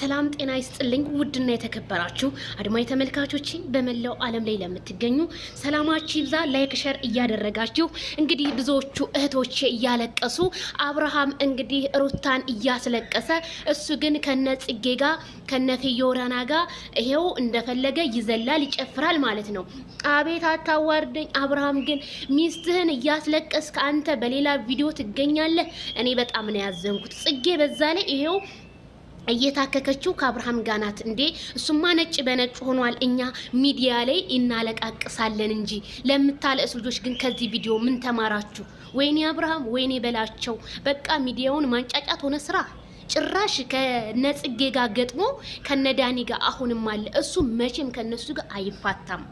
ሰላም ጤና ይስጥልኝ። ውድና የተከበራችሁ አድማጭ ተመልካቾች በመላው ዓለም ላይ ለምትገኙ ሰላማችሁ ይብዛ። ላይክ ሸር እያደረጋችሁ እንግዲህ ብዙዎቹ እህቶቼ እያለቀሱ አብርሃም እንግዲህ ሩታን እያስለቀሰ እሱ ግን ከነ ጽጌ ጋ ከነ ፊዮረና ጋ ይሄው እንደፈለገ ይዘላል፣ ይጨፍራል ማለት ነው። አቤት አታዋርደኝ። አብርሃም ግን ሚስትህን እያስለቀስክ አንተ በሌላ ቪዲዮ ትገኛለህ። እኔ በጣም ነው ያዘንኩት። ጽጌ በዛ ላይ ይሄው እየታከከችው ከአብርሃም ጋር ናት እንዴ? እሱማ ነጭ በነጭ ሆኗል። እኛ ሚዲያ ላይ እናለቃቅሳለን እንጂ ለምታለ ልጆች ግን ከዚህ ቪዲዮ ምን ተማራችሁ? ወይኔ አብርሃም ወይኔ በላቸው። በቃ ሚዲያውን ማንጫጫት ሆነ ስራ። ጭራሽ ከነጽጌ ጋር ገጥሞ ከነዳኒ ጋር አሁንም አለ። እሱ መቼም ከነሱ ጋር አይፋታም።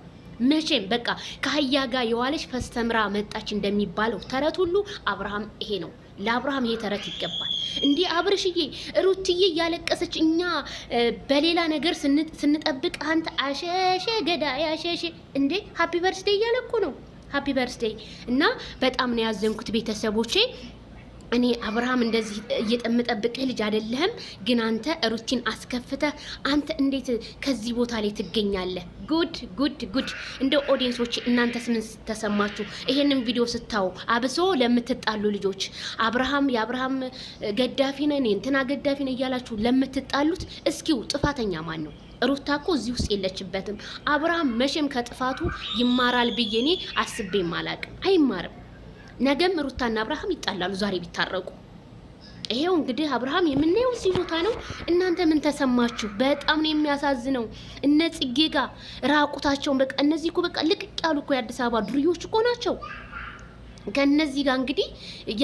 መቼም በቃ ከአህያ ጋር የዋለች ፈስተምራ መጣች እንደሚባለው ተረት ሁሉ አብርሃም ይሄ ነው። ለአብርሃም ይሄ ተረት ይገባል። እንዲህ አብርሽዬ፣ ሩትዬ እያለቀሰች እኛ በሌላ ነገር ስንጠብቅ አንተ አሸሸ ገዳይ አሸሸ። እንዴ ሀፒ በርስዴ እያለኩ ነው። ሀፒ በርስዴ እና በጣም ነው ያዘንኩት ቤተሰቦቼ። እኔ አብርሃም እንደዚህ እየጠምጠብቅህ ልጅ አይደለህም፣ ግን አንተ ሩቲን አስከፍተህ አንተ እንዴት ከዚህ ቦታ ላይ ትገኛለህ? ጉድ ጉድ ጉድ! እንደ ኦዲየንሶች እናንተስ ምን ተሰማችሁ? ይሄንን ቪዲዮ ስታው አብሶ ለምትጣሉ ልጆች አብርሃም የአብርሃም ገዳፊ ነህ እኔ እንትና ገዳፊ ነህ እያላችሁ ለምትጣሉት እስኪው ጥፋተኛ ማን ነው? ሩታ እኮ እዚህ ውስጥ የለችበትም። አብርሃም መቼም ከጥፋቱ ይማራል ብዬ እኔ አስቤም አላቅም። አይማርም። ነገም ሩታና አብርሃም ይጣላሉ፣ ዛሬ ቢታረቁ። ይሄው እንግዲህ አብርሃም የምናየው እዚህ ቦታ ነው። እናንተ ምን ተሰማችሁ? በጣም ነው የሚያሳዝነው። እነ ጽጌ ራቁታቸው ራቁታቸውን በቃ እነዚህ እኮ በቃ ልቅቅ ያሉ እኮ የአዲስ አበባ ዱርዮች እኮ ናቸው። ከእነዚህ ጋር እንግዲህ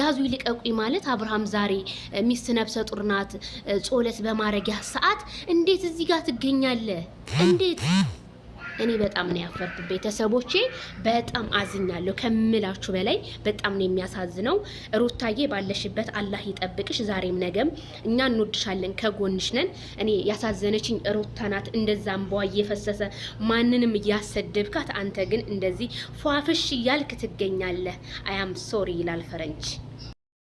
ያዙ ይልቀቁኝ ማለት አብርሃም ዛሬ ሚስት ነብሰ ጡር ናት፣ ጾለት በማረጊያ ሰዓት እንዴት እዚህ ጋር ትገኛለህ? እንዴት እኔ በጣም ነው ያፈርኩ። ቤተሰቦቼ በጣም አዝኛለሁ ከምላችሁ በላይ በጣም ነው የሚያሳዝነው። ሩታዬ ባለሽበት አላህ ይጠብቅሽ፣ ዛሬም ነገም እኛ እንወድሻለን፣ ከጎንሽ ነን። እኔ ያሳዘነችኝ ሩታ ናት። እንደዛ እንባዋ እየፈሰሰ ማንንም እያሰደብካት፣ አንተ ግን እንደዚህ ፏፍሽ እያልክ ትገኛለህ። አያም ሶሪ ይላል ፈረንጅ